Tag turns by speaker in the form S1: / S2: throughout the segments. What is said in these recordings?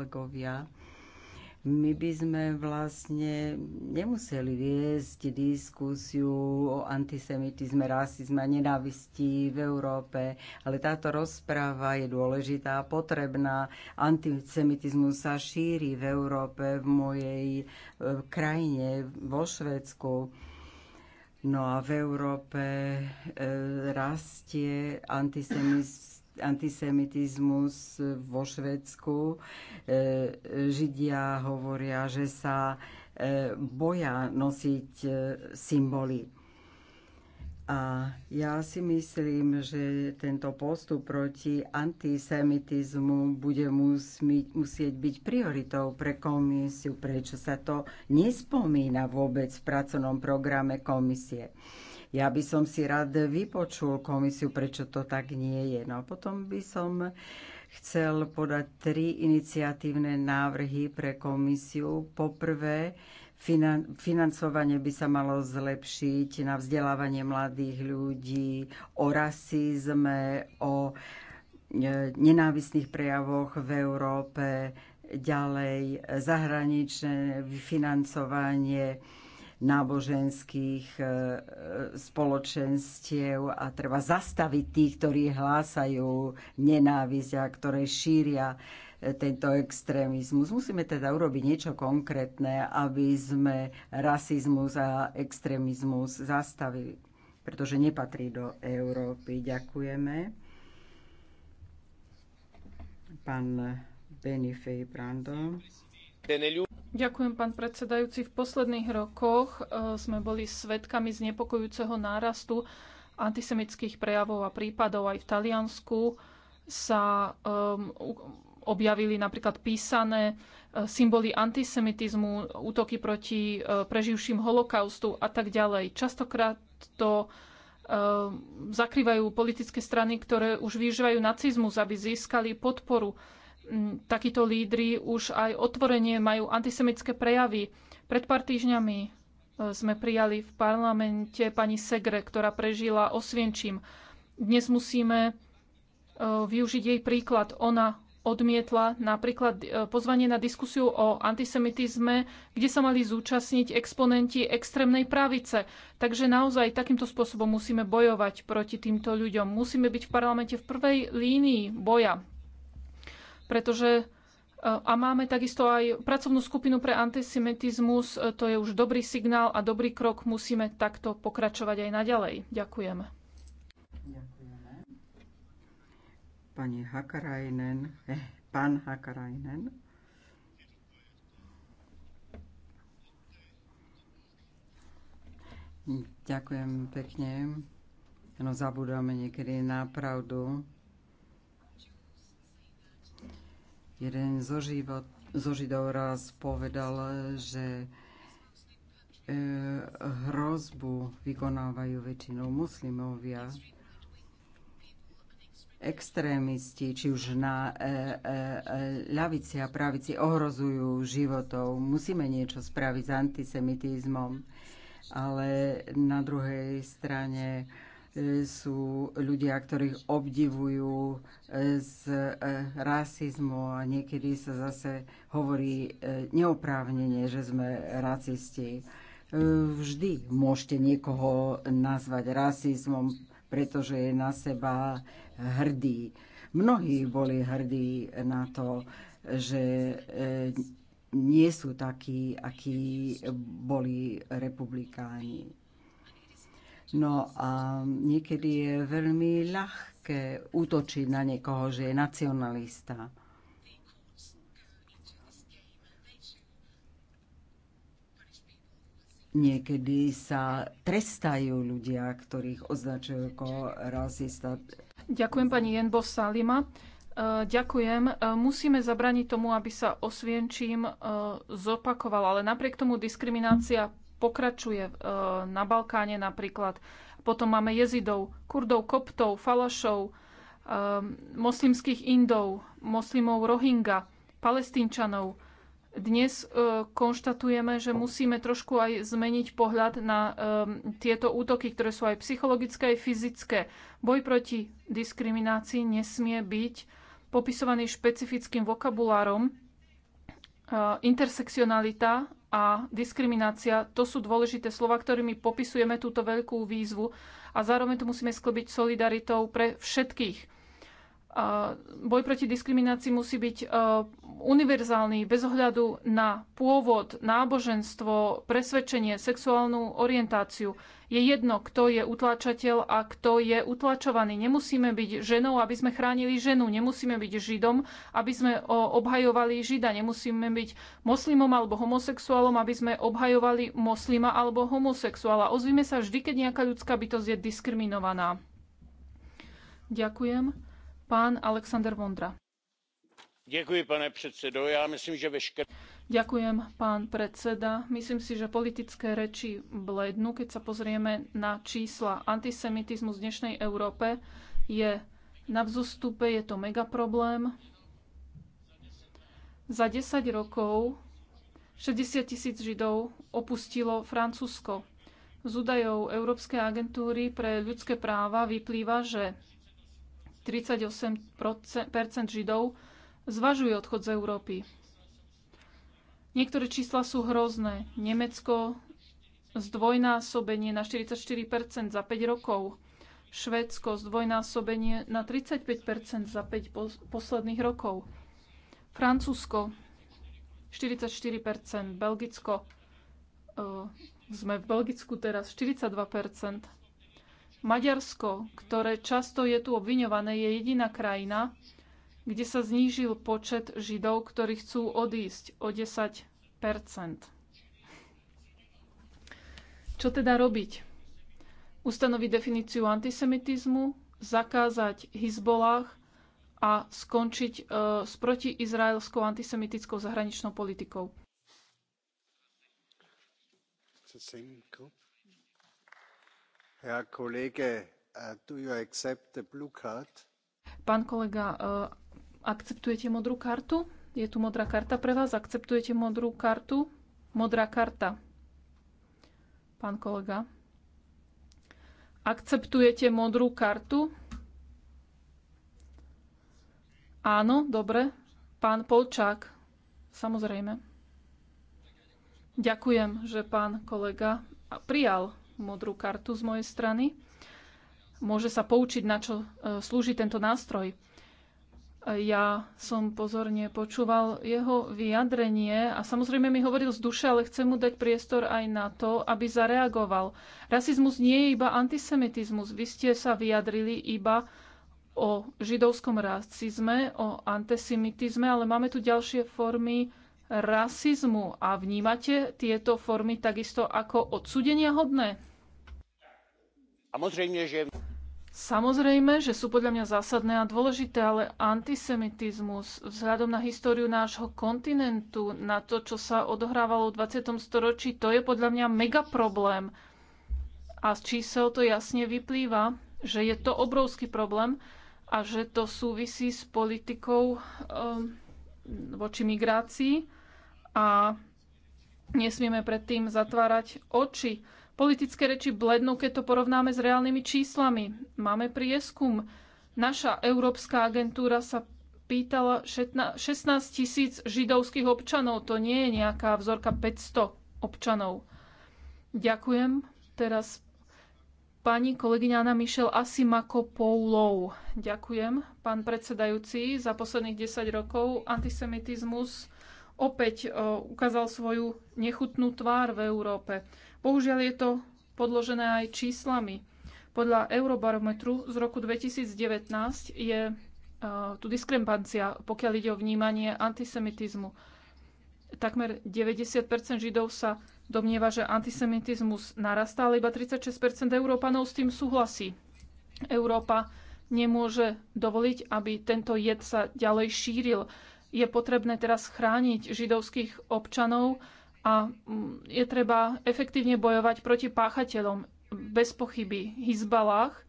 S1: kolegovia, my by sme vlastne nemuseli viesť diskusiu o antisemitizme, rasizme a nenávisti v Európe, ale táto rozpráva je dôležitá a potrebná. Antisemitizmus sa šíri v Európe, v mojej e, krajine, vo Švedsku. No a v Európe e, rastie antisemitizmus antisemitizmus vo Švedsku. E, Židia hovoria, že sa e, boja nosiť e, symboly. A ja si myslím, že tento postup proti antisemitizmu bude musieť byť prioritou pre komisiu. Prečo sa to nespomína vôbec v pracovnom programe komisie? Ja by som si rád vypočul komisiu, prečo to tak nie je. No a potom by som chcel podať tri iniciatívne návrhy pre komisiu. Poprvé, financovanie by sa malo zlepšiť na vzdelávanie mladých ľudí o rasizme, o e, nenávisných prejavoch v Európe, ďalej zahraničné financovanie náboženských e, spoločenstiev a treba zastaviť tých, ktorí hlásajú nenávisť a ktoré šíria e, tento extrémizmus. Musíme teda urobiť niečo konkrétne, aby sme rasizmus a extrémizmus zastavili, pretože nepatrí do Európy. Ďakujeme. Pán Benifej Brandon.
S2: Ďakujem, pán predsedajúci. V posledných rokoch e, sme boli svedkami znepokojúceho nárastu antisemických prejavov a prípadov aj v Taliansku sa objavili napríklad písané e, symboly antisemitizmu, útoky proti e, preživším holokaustu a tak ďalej. Častokrát to zakrývajú politické strany, ktoré už využívajú nacizmus, aby získali podporu takíto lídry už aj otvorenie majú antisemické prejavy. Pred pár týždňami e, sme prijali v parlamente pani Segre, ktorá prežila osvienčím. Dnes musíme e, využiť jej príklad. Ona odmietla napríklad e, pozvanie na diskusiu o antisemitizme, kde sa mali zúčastniť exponenti extrémnej pravice. Takže naozaj takýmto spôsobom musíme bojovať proti týmto ľuďom. Musíme byť v parlamente v prvej línii boja pretože e, a máme takisto aj pracovnú skupinu pre antisemitizmus. E, to je už dobrý signál a dobrý krok. Musíme takto pokračovať aj naďalej. Ďakujem.
S1: Ďakujeme. Pani Hakarajnen, eh, pán Hakarajnen. Ďakujem pekne. No zabudáme niekedy na pravdu. Jeden zo, život, zo Židov raz povedal, že e, hrozbu vykonávajú väčšinou muslimovia, extrémisti, či už na e, e, e, ľavici a pravici ohrozujú životov. Musíme niečo spraviť s antisemitizmom, ale na druhej strane e, sú ľudia, ktorých obdivujú e, z e, rasizmu a niekedy sa zase hovorí e, neoprávnenie, že sme racisti. Vždy môžete niekoho nazvať rasizmom, pretože je na seba hrdý. Mnohí boli hrdí na to, že nie sú takí, akí boli republikáni. No a niekedy je veľmi ľahké útočiť na niekoho, že je nacionalista. Niekedy sa trestajú ľudia, ktorých označujú ako rasista.
S2: Ďakujem pani Jenbo Salima. E, ďakujem. E, musíme zabraniť tomu, aby sa osvienčím e, zopakovala, ale napriek tomu diskriminácia pokračuje e, na Balkáne napríklad. Potom máme jezidov, kurdov, koptov, falašov, e, moslimských indov, moslimov Rohingya, palestínčanov. Dnes e, konštatujeme, že musíme trošku aj zmeniť pohľad na tieto útoky, ktoré sú aj psychologické, aj fyzické. Boj proti diskriminácii nesmie byť popisovaný špecifickým vokabulárom. Intersekcionalita a diskriminácia. To sú dôležité slova, ktorými popisujeme túto veľkú výzvu a zároveň to musíme sklbiť solidaritou pre všetkých boj proti diskriminácii musí byť e, univerzálny bez ohľadu na pôvod, náboženstvo, presvedčenie, sexuálnu orientáciu. Je jedno, kto je utláčateľ a kto je utlačovaný. Nemusíme byť ženou, aby sme chránili ženu. Nemusíme byť židom, aby sme obhajovali žida. Nemusíme byť moslimom alebo homosexuálom, aby sme obhajovali moslima alebo homosexuála. Ozvíme sa vždy, keď nejaká ľudská bytosť je diskriminovaná. Ďakujem pán Alexander Ďakujem, Ďakujem, pán predseda. Myslím si, že politické reči blednú, keď sa pozrieme na čísla. Antisemitizmus v dnešnej Európe je na vzostupe, je to megaproblém. Za 10 rokov 60 tisíc Židov opustilo Francúzsko. Z údajov Európskej agentúry pre ľudské práva vyplýva, že 38 Židov zvažuje odchod z Európy. Niektoré čísla sú hrozné. Nemecko zdvojnásobenie na 44 za 5 rokov. Švédsko zdvojnásobenie na 35 za 5 posledných rokov. Francúzsko 44 Belgicko e, sme v Belgicku teraz 42 Maďarsko, ktoré často je tu obviňované, je jediná krajina, kde sa znížil počet Židov, ktorí chcú odísť o 10 Čo teda robiť? Ustanoviť definíciu antisemitizmu, zakázať Hizbolách a skončiť e, s protiizraelskou antisemitickou zahraničnou politikou. Uh, pán kolega, uh, akceptujete modrú kartu? Je tu modrá karta pre vás? Akceptujete modrú kartu? Modrá karta. Pán kolega. Akceptujete modrú kartu? Áno, dobre. Pán Polčák. Samozrejme. Ďakujem, že pán kolega prijal modrú kartu z mojej strany. Môže sa poučiť, na čo e, slúži tento nástroj. Ja som pozorne počúval jeho vyjadrenie a samozrejme mi hovoril z duše, ale chcem mu dať priestor aj na to, aby zareagoval. Rasizmus nie je iba antisemitizmus. Vy ste sa vyjadrili iba o židovskom rasizme, o antisemitizme, ale máme tu ďalšie formy rasizmu a vnímate tieto formy takisto ako odsudenia hodné? Samozrejme, že sú podľa mňa zásadné a dôležité, ale antisemitizmus vzhľadom na históriu nášho kontinentu, na to, čo sa odohrávalo v 20. storočí, to je podľa mňa mega problém. A z čísel to jasne vyplýva, že je to obrovský problém a že to súvisí s politikou um, voči migrácii a nesmieme predtým zatvárať oči. Politické reči blednú, keď to porovnáme s reálnymi číslami. Máme prieskum. Naša európska agentúra sa pýtala 16 tisíc židovských občanov. To nie je nejaká vzorka 500 občanov. Ďakujem. Teraz pani kolegyňa Anna Mišel Asimakopoulou. Ďakujem, pán predsedajúci. Za posledných 10 rokov antisemitizmus opäť e, ukázal svoju nechutnú tvár v Európe. Bohužiaľ je to podložené aj číslami. Podľa Eurobarometru z roku 2019 je e, tu diskrepancia, pokiaľ ide o vnímanie antisemitizmu. Takmer 90 Židov sa domnieva, že antisemitizmus narastá, ale iba 36 Európanov s tým súhlasí. Európa nemôže dovoliť, aby tento jed sa ďalej šíril. Je potrebné teraz chrániť židovských občanov a mm, je treba efektívne bojovať proti páchateľom. Bez pochyby Hizbalách, e,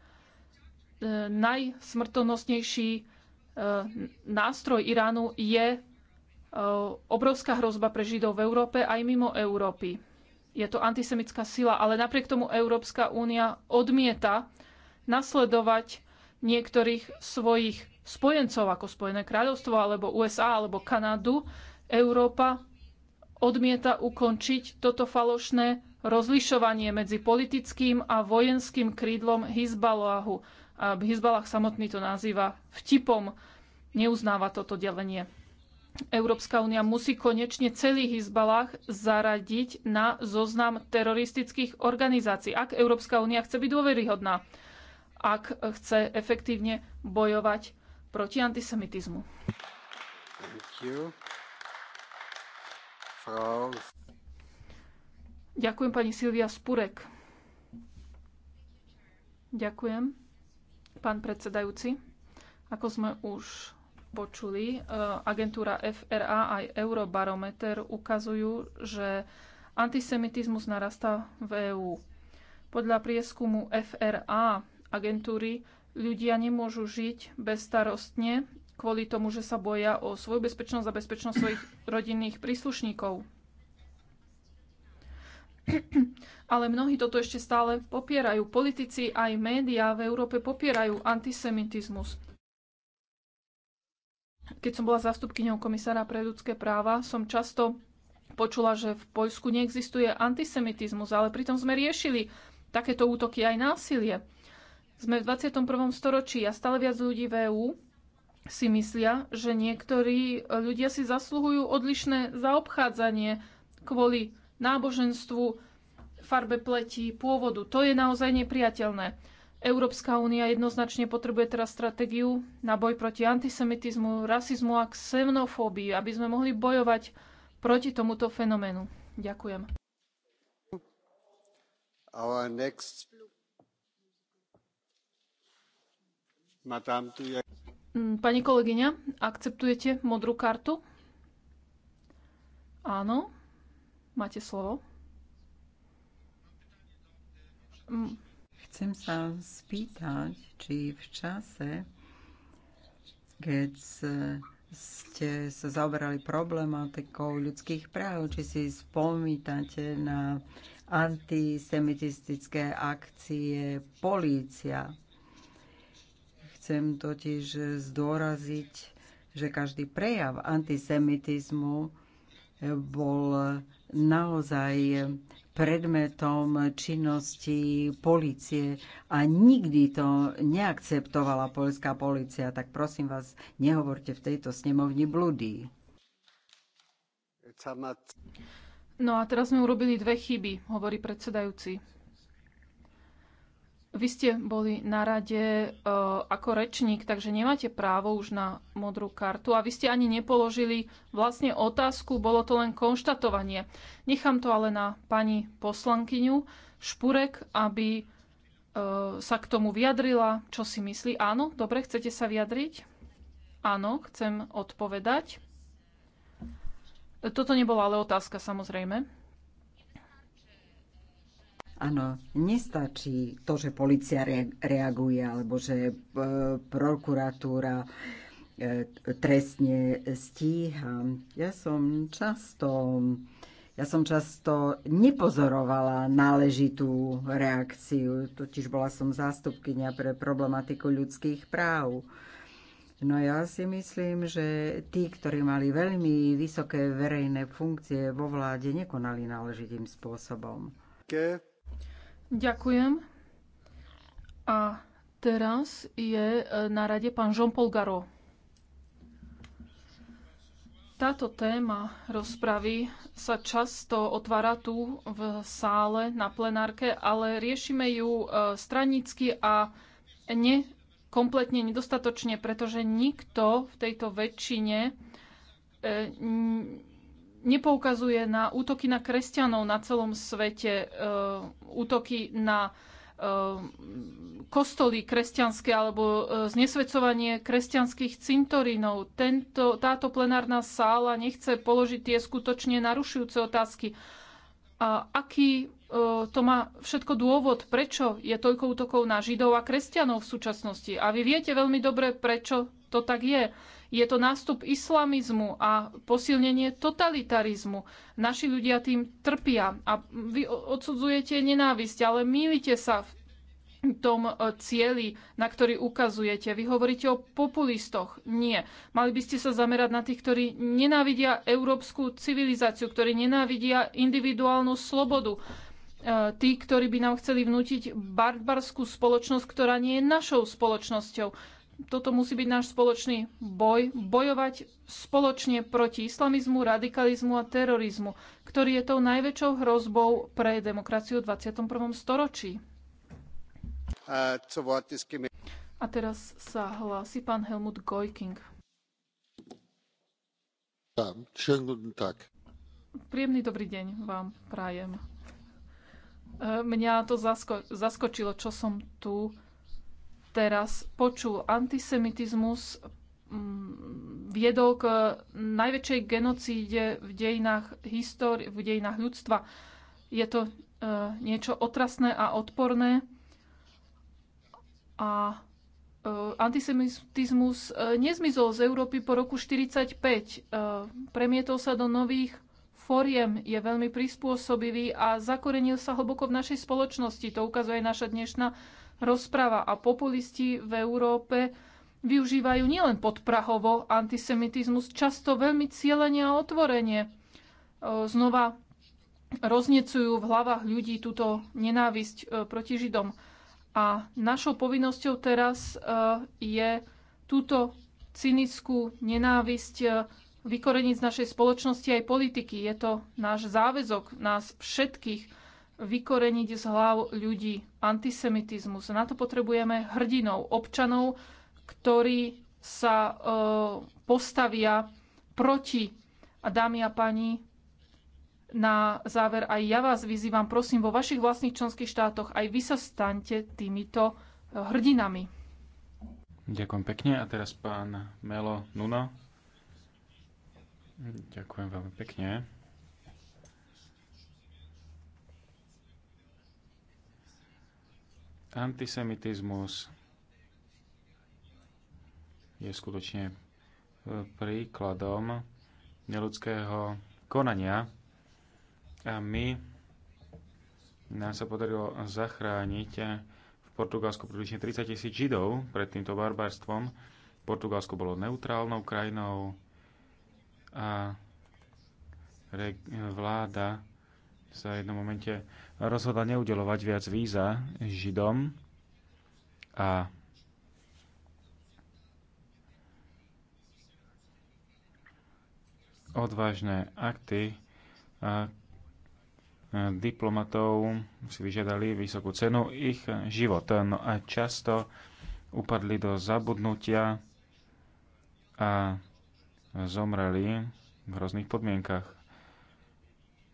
S2: najsmrtonosnejší e, nástroj Iránu je e, obrovská hrozba pre Židov v Európe aj mimo Európy. Je to antisemická sila, ale napriek tomu Európska únia odmieta nasledovať niektorých svojich spojencov, ako Spojené kráľovstvo, alebo USA, alebo Kanadu. Európa odmieta ukončiť toto falošné rozlišovanie medzi politickým a vojenským krídlom Hizbalahu. A Hizbalah samotný to nazýva vtipom. Neuznáva toto delenie. Európska únia musí konečne celý Hizbalách zaradiť na zoznam teroristických organizácií, ak Európska únia chce byť dôveryhodná, ak chce efektívne bojovať proti antisemitizmu.
S3: Thank you. Frau...
S2: Ďakujem pani Silvia Spurek. Ďakujem, pán predsedajúci. Ako sme už počuli, eh, agentúra FRA aj Eurobarometer ukazujú, že antisemitizmus narastá v EÚ. Podľa prieskumu FRA agentúry ľudia nemôžu žiť bezstarostne kvôli tomu, že sa boja o svoju bezpečnosť a bezpečnosť svojich rodinných príslušníkov. Ale mnohí toto ešte stále popierajú. Politici aj médiá v Európe popierajú antisemitizmus. Keď som bola zástupkyňou komisára pre ľudské práva, som často počula, že v Poľsku neexistuje antisemitizmus, ale pritom sme riešili takéto útoky aj násilie. Sme v 21. storočí a stále viac ľudí v EÚ si myslia, že niektorí ľudia si zasluhujú odlišné zaobchádzanie kvôli náboženstvu, farbe pleti, pôvodu. To je naozaj nepriateľné. Európska únia jednoznačne potrebuje teraz stratégiu na boj proti antisemitizmu, rasizmu a xenofóbii, aby sme mohli bojovať proti tomuto fenoménu. Ďakujem.
S3: Our next... Madame,
S2: do you... Mm, pani kolegyňa, akceptujete modrú kartu?
S1: Áno, máte slovo. Mm. Chcem sa spýtať, či v čase, keď ste sa zaoberali problematikou ľudských práv, či si spomínate na antisemitistické akcie polícia Chcem totiž zdôraziť, že každý prejav antisemitizmu bol naozaj predmetom činnosti policie a nikdy to neakceptovala polská policia. Tak prosím vás, nehovorte v tejto snemovni blúdy.
S2: No a teraz sme urobili dve chyby, hovorí predsedajúci. Vy ste boli na rade uh, ako rečník, takže nemáte právo už na modrú kartu a vy ste ani nepoložili vlastne otázku, bolo to len konštatovanie. Nechám to ale na pani poslankyňu Špurek, aby uh, sa k tomu vyjadrila, čo si myslí. Áno, dobre, chcete sa vyjadriť? Áno, chcem odpovedať. Toto nebola ale otázka, samozrejme.
S1: Áno, nestačí to, že policia re- reaguje alebo že e, prokuratúra e, trestne stíha. Ja som často ja som často nepozorovala náležitú reakciu, totiž bola som zástupkynia pre problematiku ľudských práv. No ja si myslím, že tí, ktorí mali veľmi vysoké verejné funkcie vo vláde, nekonali náležitým spôsobom.
S3: Ke
S2: Ďakujem. A teraz je e, na rade pán Jean-Paul Garo. Táto téma rozpravy sa často otvára tu v sále na plenárke, ale riešime ju e, stranicky a ne, kompletne nedostatočne, pretože nikto v tejto väčšine e, nepoukazuje na útoky na kresťanov na celom svete, e, útoky na e, kostoly kresťanské alebo e, znesvedcovanie kresťanských cintorínov. Tento, táto plenárna sála nechce položiť tie skutočne narušujúce otázky. A aký to má všetko dôvod, prečo je toľko útokov na Židov a kresťanov v súčasnosti. A vy viete veľmi dobre, prečo to tak je. Je to nástup islamizmu a posilnenie totalitarizmu. Naši ľudia tým trpia a vy odsudzujete nenávisť, ale mýlite sa v tom e, cieli, na ktorý ukazujete. Vy hovoríte o populistoch. Nie. Mali by ste sa zamerať na tých, ktorí nenávidia európsku civilizáciu, ktorí nenávidia individuálnu slobodu. E, tí, ktorí by nám chceli vnútiť barbarskú spoločnosť, ktorá nie je našou spoločnosťou toto musí byť náš spoločný boj, bojovať spoločne proti islamizmu, radikalizmu a terorizmu, ktorý je tou najväčšou hrozbou pre demokraciu v 21. storočí. A teraz sa hlási pán Helmut Gojking. Príjemný dobrý deň vám prajem. E, mňa to zasko- zaskočilo, čo som tu teraz počul. Antisemitizmus mm, viedol k najväčšej genocíde v dejinách, históri- v dejinách ľudstva. Je to e, niečo otrasné a odporné. A e, antisemitizmus e, nezmizol z Európy po roku 1945. E, premietol sa do nových foriem, je veľmi prispôsobivý a zakorenil sa hlboko v našej spoločnosti. To ukazuje aj naša dnešná rozpráva a populisti v Európe využívajú nielen podprahovo antisemitizmus, často veľmi cielenie a otvorenie e, Znova roznecujú v hlavách ľudí túto nenávisť e, proti Židom. A našou povinnosťou teraz e, je túto cynickú nenávisť vykoreniť z našej spoločnosti aj politiky. Je to náš záväzok, nás všetkých vykoreniť z hlav ľudí antisemitizmus. Na to potrebujeme hrdinov, občanov, ktorí sa e, postavia proti. A dámy a páni, na záver aj ja vás vyzývam, prosím, vo vašich vlastných členských štátoch aj vy sa staňte týmito e, hrdinami.
S4: Ďakujem pekne. A teraz pán Melo Nuno. Ďakujem veľmi pekne. Antisemitizmus je skutočne e, príkladom neludského konania a my nám sa podarilo zachrániť e, v Portugalsku približne 30 tisíc Židov pred týmto barbarstvom. Portugalsko bolo neutrálnou krajinou a vláda sa v jednom momente rozhodla neudelovať viac víza Židom a odvážne akty a diplomatov si vyžiadali vysokú cenu ich život. No a často upadli do zabudnutia a zomreli v hrozných podmienkach.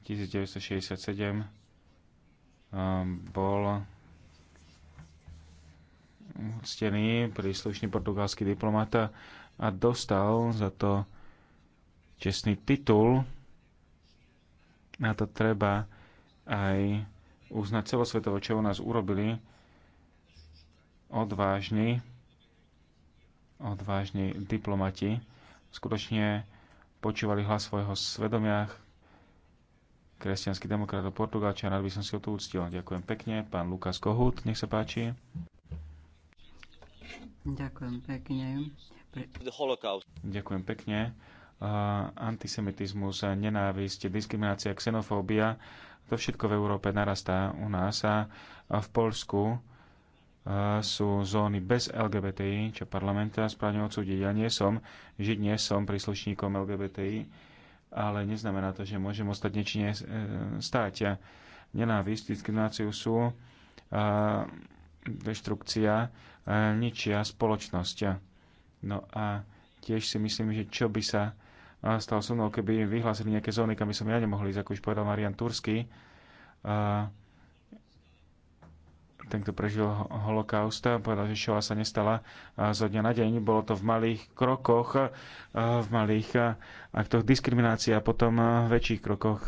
S4: 1967 ehm, bol stený príslušný portugalský diplomata a dostal za to čestný titul. Na to treba aj uznať celosvetovo, čo u nás urobili odvážni, odvážni diplomati. Skutočne počúvali hlas svojho svedomia, Kresťanský demokrat demokratov Portugalčia, rád by som si o to uctil. Ďakujem pekne. Pán Lukas Kohut, nech sa páči.
S1: Ďakujem pekne. Pre...
S4: Ďakujem pekne. Uh, antisemitizmus, nenávisť, diskriminácia, xenofóbia, to všetko v Európe narastá u nás a v Polsku sú zóny bez LGBTI, čo parlamenta správne odsúdiť. Ja nie som, žiť nie som príslušníkom LGBTI ale neznamená to, že môžem ostať nečine e, stáť. Nenávisť, diskrimináciu sú e, deštrukcia, e, ničia spoločnosť. No a tiež si myslím, že čo by sa stalo so mnou, keby vyhlásili nejaké zóny, kam by som ja nemohol ísť, ako už povedal Marian Tursky, ten, kto prežil holokaust, povedal, že šova sa nestala zo dňa na deň. Bolo to v malých krokoch, v malých aktoch diskriminácie a potom v väčších krokoch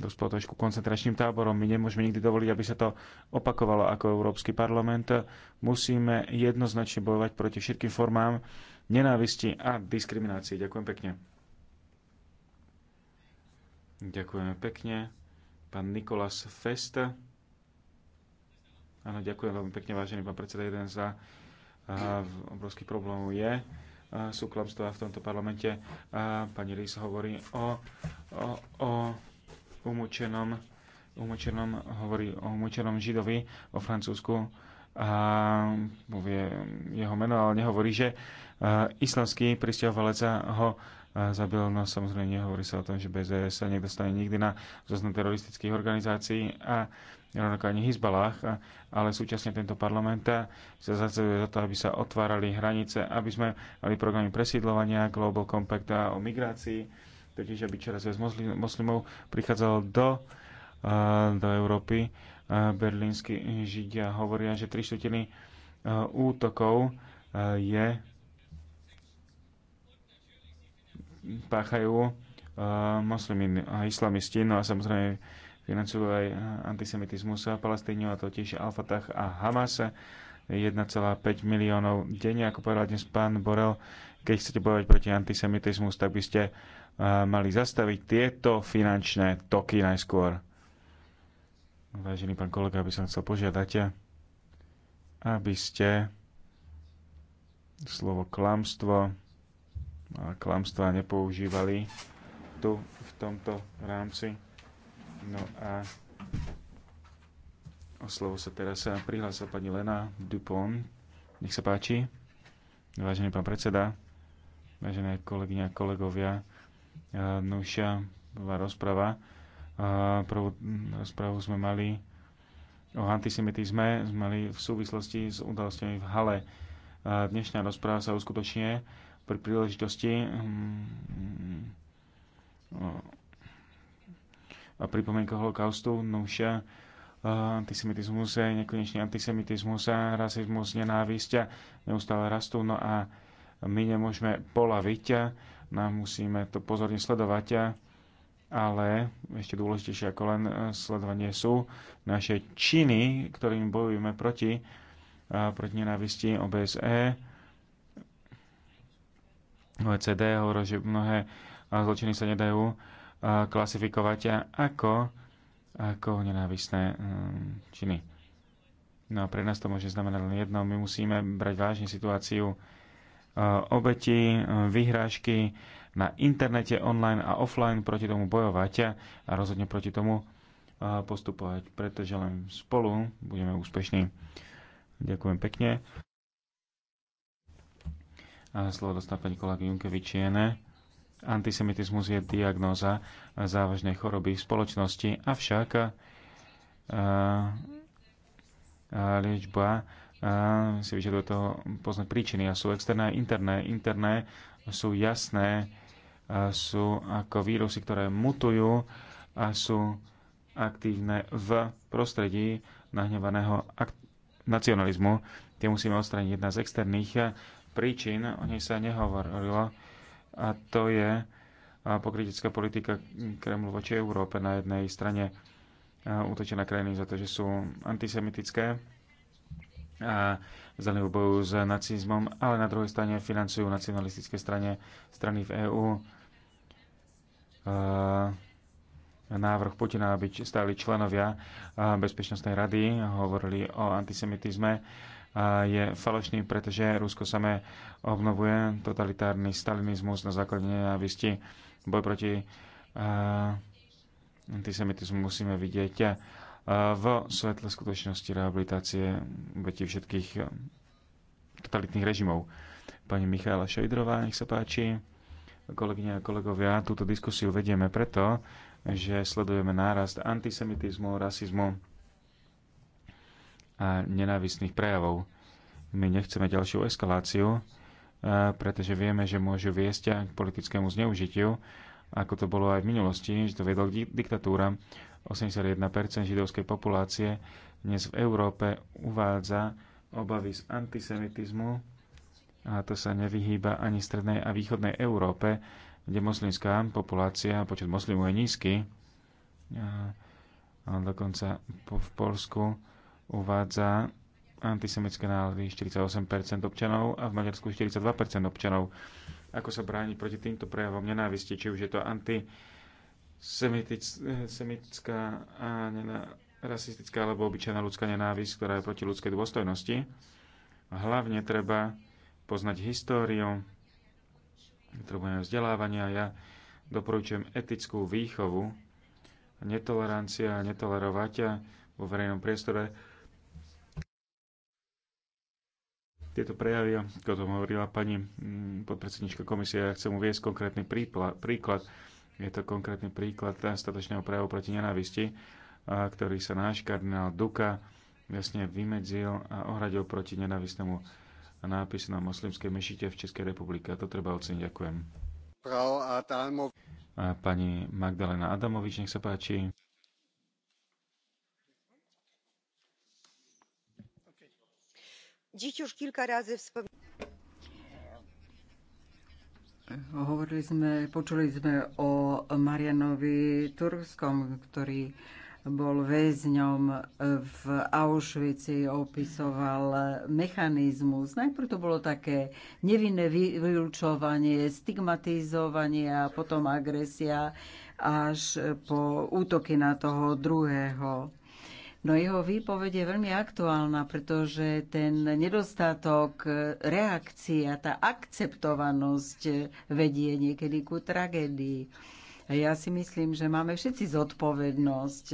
S4: do spoločku koncentračným táborom. My nemôžeme nikdy dovoliť, aby sa to opakovalo ako Európsky parlament. Musíme jednoznačne bojovať proti všetkým formám nenávisti a diskriminácie. Ďakujem pekne. Ďakujeme pekne. Pán Nikolas Festa. Áno, ďakujem veľmi pekne, vážený pán predseda. Jeden za eh, obrovských problémov je eh, klamstvá v tomto parlamente. A eh, pani Rís hovorí o, o, o umúčenom, umúčenom, hovorí o umúčenom židovi o Francúzsku a povie jeho meno, ale nehovorí, že islamský pristahovaleca ho zabil. No samozrejme nehovorí sa o tom, že BZS sa nedostane nikdy na zoznam teroristických organizácií a rovnako ani Hizbalách, ale súčasne tento parlament sa zasadzuje za to, aby sa otvárali hranice, aby sme mali programy presídlovania, Global Compact a o migrácii, totiž aby čoraz viac moslimov prichádzalo do, do Európy. Berlínsky židia hovoria, že tri štvrtiny útokov je páchajú moslimi a islamisti, no a samozrejme financujú aj antisemitizmus a Palestíniu a totiž Al-Fatah a Hamas. 1,5 miliónov denne, ako povedal dnes pán Borel. Keď chcete bojovať proti antisemitizmus, tak by ste eh, mali zastaviť tieto finančné toky najskôr. Vážený pán kolega, aby som chcel požiadať, aby ste slovo klamstvo a klamstva nepoužívali tu v tomto rámci. No a o slovo sa teraz prihlása pani Lena Dupont. Nech sa páči. Vážený pán predseda, vážené kolegyňa, a kolegovia, Nuša, bola rozprava. Prvú rozpravu sme mali o antisemitizme, sme mali v súvislosti s udalosťami v Hale. Dnešná rozpráva sa uskutočne pri príležitosti mm, mm, mm, pripomienka holokaustu, už eh, antisemitizmus, nekonečný antisemitizmus, rasizmus, nenávisť neustále rastú, no a my nemôžeme polaviť, no musíme to pozorne sledovať, ale ešte dôležitejšie ako len eh, sledovanie sú naše činy, ktorým bojujeme proti, eh, proti nenávisti OBSE. OECD hovorí, že mnohé zločiny sa nedajú klasifikovať ako, ako nenávisné mm, činy. No a pre nás to môže znamenať len jedno. My musíme brať vážne situáciu e, obeti, e, vyhrážky na internete, online a offline proti tomu bojovať a rozhodne proti tomu e, postupovať, pretože len spolu budeme úspešní. Ďakujem pekne. A slovo dostá pani kolega Junkevičiene Antisemitizmus je diagnóza závažnej choroby v spoločnosti, avšak a, eh, a, eh, liečba a, eh, si vyžaduje toho poznať príčiny a sú externé a interné. Interné sú jasné, a sú ako vírusy, ktoré mutujú a sú aktívne v prostredí nahnevaného nacionalizmu. Tie musíme odstrániť jedna z externých príčin, o nej sa nehovorilo a to je pokritická politika Kremlu voči Európe. Na jednej strane útočia na krajiny za to, že sú antisemitické a zdajú boju s nacizmom, ale na druhej strane financujú nacionalistické strane, strany v EÚ. Návrh Putina, aby stáli členovia Bezpečnostnej rady, hovorili o antisemitizme je falošný, pretože Rusko samé obnovuje totalitárny stalinizmus na základe nenávisti. Boj proti antisemitizmu musíme vidieť v svetle skutočnosti rehabilitácie obetí všetkých totalitných režimov. Pani Michála Šojdrová, nech sa páči. Kolegyne a kolegovia, túto diskusiu vedieme preto, že sledujeme nárast antisemitizmu, rasizmu, a nenávisných prejavov. My nechceme ďalšiu eskaláciu, e, pretože vieme, že môžu viesť aj k politickému zneužitiu, ako to bolo aj v minulosti, že to vedlo k 81% židovskej populácie dnes v Európe uvádza obavy z antisemitizmu a to sa nevyhýba ani v strednej a východnej Európe, kde moslimská populácia, počet moslimov je nízky. A dokonca v Polsku uvádza antisemické nálady 48% občanov a v Maďarsku 42% občanov. Ako sa brániť proti týmto prejavom nenávisti, či už je to antisemická a rasistická alebo obyčajná ľudská nenávisť, ktorá je proti ľudskej dôstojnosti. Hlavne treba poznať históriu, potrebujeme vzdelávania. Ja doporučujem etickú výchovu, netolerancia, netolerovať vo verejnom priestore tieto prejavy, ako to hovorila pani mm, podpredsednička komisie, ja chcem uviesť konkrétny príklad. Je to konkrétny príklad statočného prejavu proti nenávisti, ktorý sa náš kardinál Duka jasne vymedzil a ohradil proti nenávistnému nápisu na moslimskej mešite v Českej republike. A to treba oceniť. Ďakujem. Pani Magdalena Adamovič, nech sa páči.
S1: Dziś już kilka razy Hovorili sme, počuli sme o Marianovi Turskom, ktorý bol väzňom v Auschwitzi, opisoval mechanizmus. Najprv to bolo také nevinné vylúčovanie, stigmatizovanie a potom agresia až po útoky na toho druhého. No jeho výpoveď je veľmi aktuálna, pretože ten nedostatok reakcie a tá akceptovanosť vedie niekedy ku tragédii. Ja si myslím, že máme všetci zodpovednosť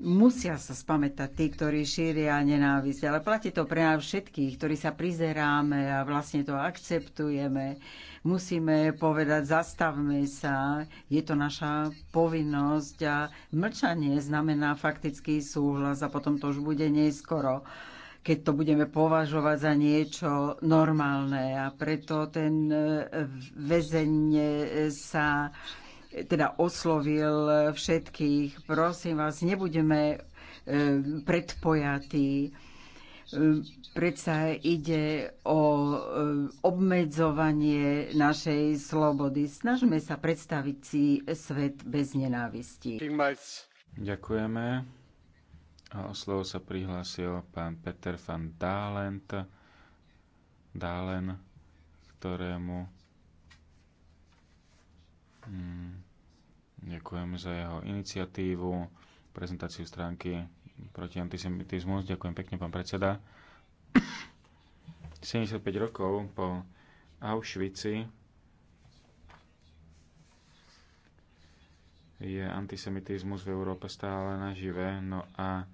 S1: musia sa spamätať tí, ktorí šíria nenávisť. Ale platí to pre nás všetkých, ktorí sa prizeráme a vlastne to akceptujeme. Musíme povedať, zastavme sa, je to naša povinnosť a mlčanie znamená faktický súhlas a potom to už bude neskoro keď to budeme považovať za niečo normálne. A preto ten eh, väzeň sa teda oslovil všetkých. Prosím vás, nebudeme e, predpojatí. E, predsa ide o e, obmedzovanie našej slobody. Snažme sa predstaviť si svet bez nenávisti.
S4: Ďakujeme. A o slovo sa prihlásil pán Peter van Dálent, Dálen, ktorému hmm, Ďakujem za jeho iniciatívu, prezentáciu stránky proti antisemitizmu. Ďakujem pekne, pán predseda. 75 rokov po Auschwitzi je antisemitizmus v Európe stále nažive, no a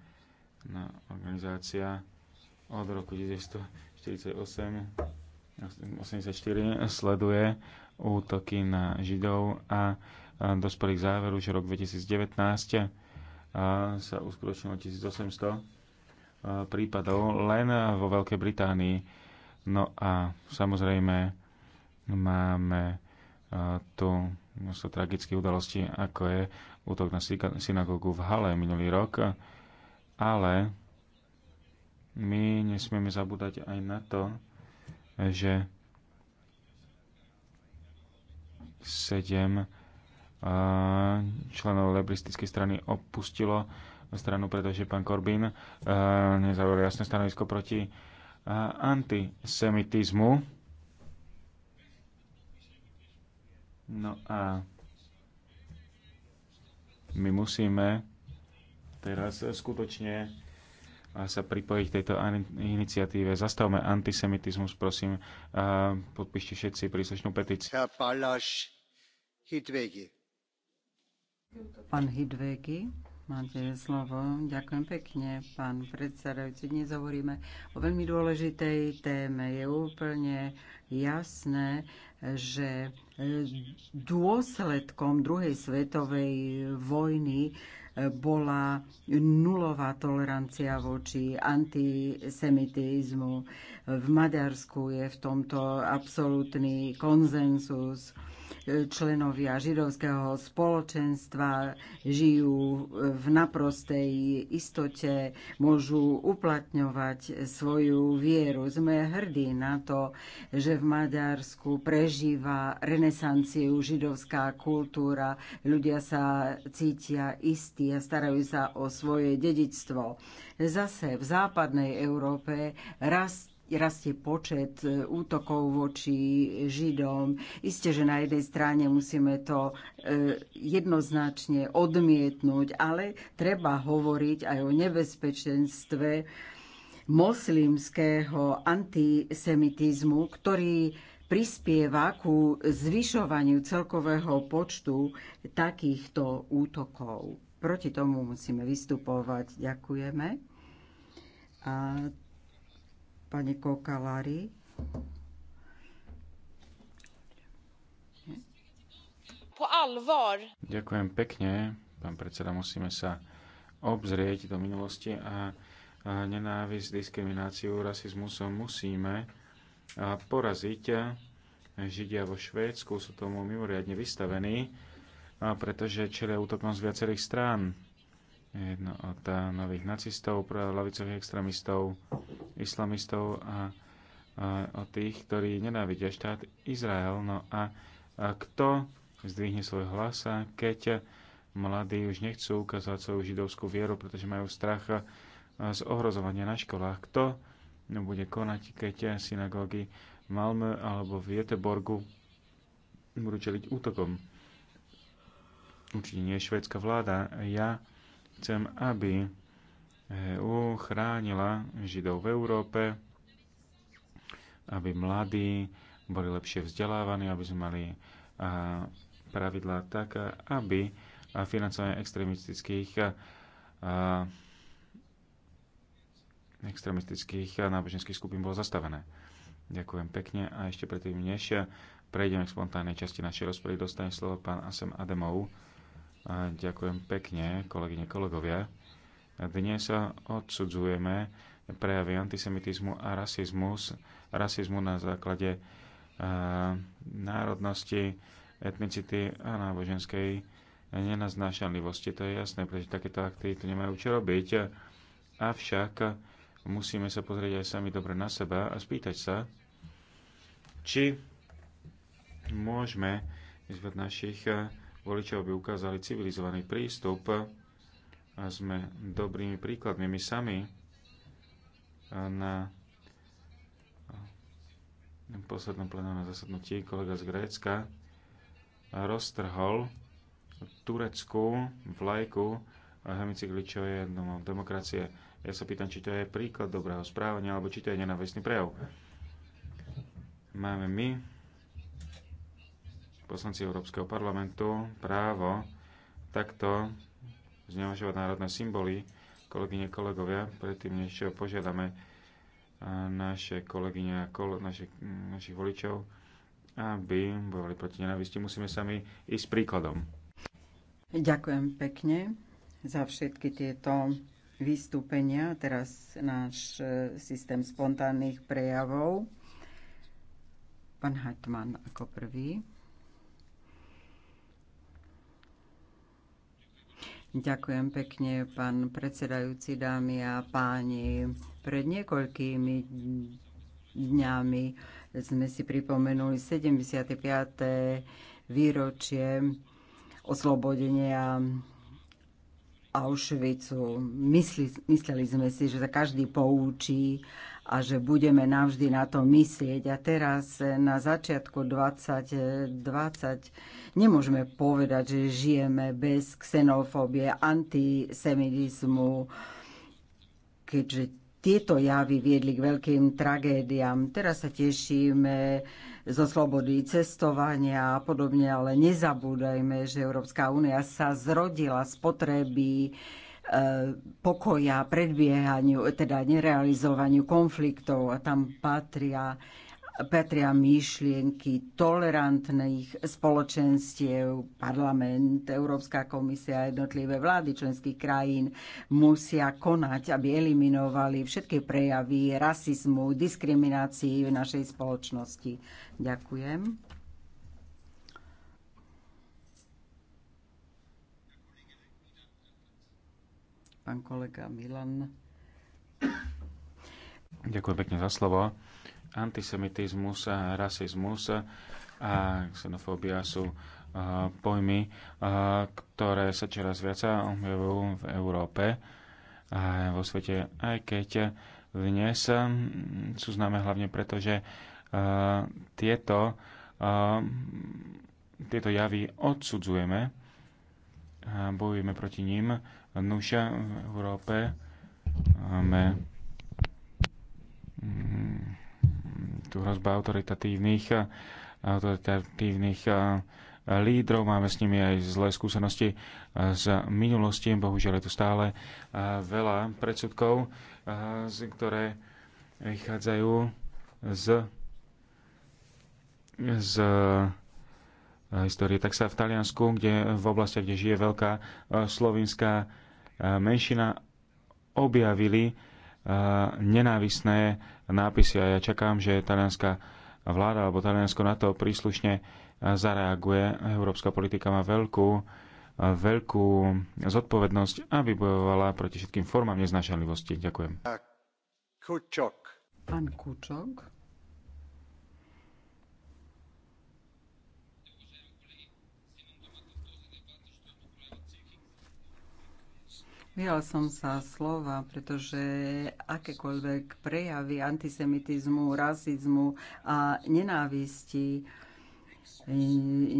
S4: na organizácia od roku 1948 84 sleduje útoky na Židov a dospeli k záveru, že rok 2019 sa uskutočnilo 1800 prípadov len vo Veľkej Británii. No a samozrejme máme tu množstvo tragických udalostí, ako je útok na synagógu v Hale minulý rok, ale my nesmieme zabúdať aj na to, že 7 členov lebristickej strany opustilo stranu, pretože pán korbín e, nezaujal jasné stanovisko proti e, antisemitizmu. No a my musíme teraz skutočne sa pripojiť k tejto iniciatíve. Zastavme antisemitizmus, prosím. Podpíšte všetci príslušnú petíciu. Herr
S3: Hidvegi.
S1: Pán Hidvegi, máte slovo. Ďakujem pekne, pán predsedajúci. Dnes hovoríme o veľmi dôležitej téme. Je úplne jasné, že e, dôsledkom druhej svetovej vojny e, bola nulová tolerancia voči antisemitizmu. V Maďarsku je v tomto absolútny konzensus členovia židovského spoločenstva žijú v naprostej istote, môžu uplatňovať svoju vieru. Sme hrdí na to, že v Maďarsku prežíva renesanciu židovská kultúra. Ľudia sa cítia istí a starajú sa o svoje dedičstvo. Zase v západnej Európe rast rastie počet e, útokov voči Židom. Isté, že na jednej strane musíme to e, jednoznačne odmietnúť, ale treba hovoriť aj o nebezpečenstve moslimského antisemitizmu, ktorý prispieva ku zvyšovaniu celkového počtu takýchto útokov. Proti tomu musíme vystupovať. Ďakujeme. A pani Kokalari.
S4: Ďakujem pekne, pán predseda. Musíme sa obzrieť do minulosti a nenávisť, diskrimináciu, rasizmus musíme poraziť. Židia vo Švédsku sú tomu mimoriadne vystavení, pretože čelia útokom z viacerých strán jedno od eh, nových nacistov, lavicových extrémistov, islamistov a, a eh, od tých, ktorí nenávidia štát Izrael. No a, a kto zdvihne svoj hlas, keď mladí už nechcú ukázať svoju židovskú vieru, pretože majú strach eh, z ohrozovania na školách. Kto bude konať, keď synagógy Malmö alebo v Jeteborgu budú čeliť útokom? Určite nie švedská vláda. Ja Chcem, aby EU chránila Židov v Európe, aby mladí boli lepšie vzdelávaní, aby sme mali pravidlá tak, aby financovanie extremistických extremistických náboženských skupín bolo zastavené. Ďakujem pekne a ešte predtým, než prejdeme k spontánnej časti našej rozpravy, dostane slovo pán Asem Ademov ďakujem pekne, kolegyne, kolegovia. Dnes sa odsudzujeme prejavy antisemitizmu a rasizmus, rasizmu na základe národnosti, etnicity a náboženskej nenaznášanlivosti. To je jasné, pretože takéto aktivity nemajú čo robiť. Avšak musíme sa pozrieť aj sami dobre na seba a spýtať sa, či môžeme vyzvať našich voličov by ukázali civilizovaný prístup a sme dobrými príkladmi my sami na poslednom plenárnom zasadnutí kolega z Grécka roztrhol tureckú vlajku Hemicykličovej je demokracie. Ja sa pýtam, či to je príklad dobrého správania, alebo či to je nenavistný prejav. Máme my poslanci Európskeho parlamentu právo takto zneužívať národné symboly. Kolegyne, kolegovia, predtým niečo požiadame eh, naše kolegyne a kol, naše, našich voličov, aby bojovali proti nenávisti, musíme sami ísť príkladom.
S1: Ďakujem pekne za všetky tieto vystúpenia. Teraz náš eh, systém spontánnych prejavov. Pán Hartmann ako prvý. Ďakujem pekne, pán predsedajúci, dámy a páni. Pred niekoľkými dňami sme si pripomenuli 75. výročie oslobodenia Auschwitzu. Mysli, mysleli sme si, že sa každý poučí a že budeme navždy na to myslieť. A teraz eh, na začiatku 2020 nemôžeme povedať, že žijeme bez xenofóbie, antisemitizmu, keďže tieto javy viedli k veľkým tragédiám. Teraz sa tešíme zo slobody cestovania a podobne, ale nezabúdajme, že Európska únia sa zrodila z potreby E, pokoja, predbiehaniu, teda nerealizovaniu konfliktov a tam patria patria myšlienky tolerantných spoločenstiev, parlament, Európska komisia, jednotlivé vlády členských krajín musia konať, aby eliminovali všetky prejavy rasizmu, diskriminácií v našej spoločnosti. Ďakujem. pán kolega Milan.
S4: Ďakujem pekne za slovo. Antisemitizmus, rasizmus a xenofóbia sú eh, pojmy, eh, ktoré sa čoraz viac objavujú v Európe a vo svete, aj keď dnes hm, sú známe hlavne preto, že eh, tieto, tieto javy odsudzujeme a bojujeme proti ním Nuša v Európe máme mm, tu hrozba autoritatívnych, autoritatívnych lídrov, máme s nimi aj zlé skúsenosti z minulosti, bohužiaľ je tu stále veľa predsudkov, ktoré vychádzajú z, z e, histórie. Tak sa v Taliansku, kde v oblasti kde žije veľká e, slovinská menšina objavili nenávisné nápisy a ja čakám, že talianská vláda alebo Taliansko na to príslušne zareaguje. Európska politika má veľkú, veľkú zodpovednosť, aby bojovala proti všetkým formám neznašanlivosti. Ďakujem.
S3: Kučok. Pán Kučok.
S1: Vyjala som sa slova, pretože akékoľvek prejavy antisemitizmu, rasizmu a nenávisti eh,